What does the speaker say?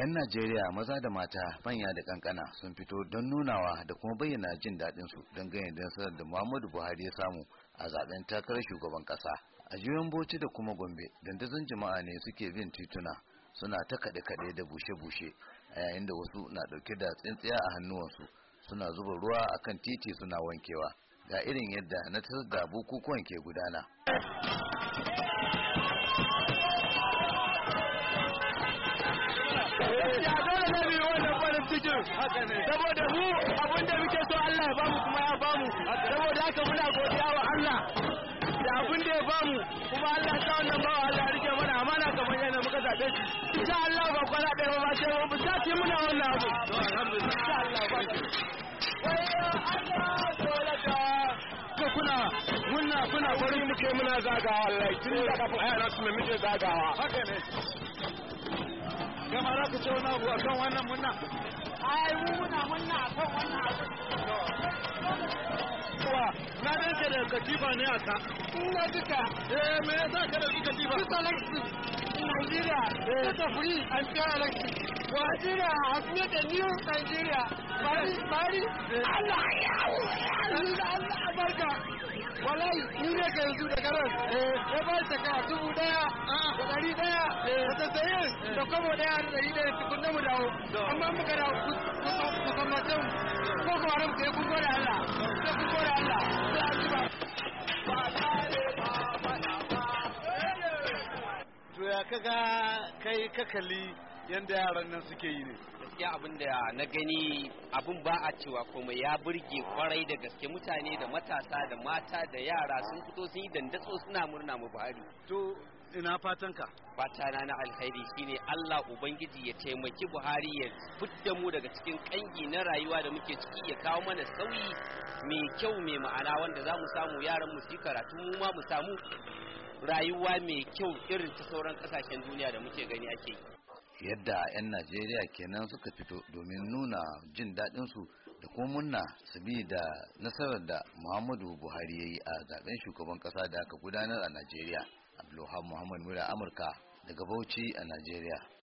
'Yan Najeriya maza da mata manya da kankana sun fito don nunawa da kuma bayyana jin daɗin su don ganin nasarar da Muhammadu Buhari ya samu a zaben takarar shugaban ƙasa. A juyan Bauchi da kuma Gombe dandazon jama'a ne suke bin tituna suna ta kaɗe-kaɗe da bushe-bushe a yayin da wasu na ɗauke da tsintsiya a hannuwansu suna zuba ruwa a kan titi suna wankewa ga irin yadda na da bukukuwan ke gudana. ya dole ne mu wannan farin cikin saboda mu abin da muke so Allah ya bamu kuma ya bamu saboda haka muna godiya wa Allah da abin da ya bamu kuma Allah ya sa wannan bawa Allah ya rike mana amana kamar yana muka zaɓe shi insha Allah ba kwana ɗaya ba ba sai mu bi sake muna wannan abu alhamdulillah insha Allah ba ka kuna muna kuna wurin muke muna zagawa Allah tun da kafin ayana su muke zagawa haka ne kama za ku ce wani abu kan wannan muna. ai mu muna a kan wannan abu na ɗanke da katifa ne a ka ina duka eh me ya ka da katifa kusa lexi Nigeria eh. kusa free and fair election Nigeria has made a new Nigeria bari bari eh. Allah ya Allah Allah barka wallahi ni ne ka yanzu daga saka dubu daya da dari daya da tattayin da kwabo daya da dari daya tukun na mu dawo amma muka da kusammatin ko kuma ka yi da Allah ta kungo da Allah ba. To ya kaga kai kakali yanda yaran nan suke yi ne gaskiya abin da na gani abin ba a cewa komai ya burge kwarai da gaske mutane da matasa da mata da yara sun fito sun yi dandatso suna murna mu Buhari to ina fatan ka fata na na alheri shine Allah ubangiji ya taimaki Buhari ya fitta mu daga cikin kangi na rayuwa da muke ciki ya kawo mana sauyi mai kyau mai ma'ana wanda za mu samu yaran mu su karatu mu ma mu samu rayuwa mai kyau irin ta sauran kasashen duniya da muke gani ake yi yadda 'yan najeriya kenan suka fito domin nuna jin daɗinsu da kuma munna su bi da nasarar da muhammadu buhari ya yi a zaben shugaban ƙasa da aka gudanar a najeriya abdulhamid muhammad mura amurka daga bauchi a najeriya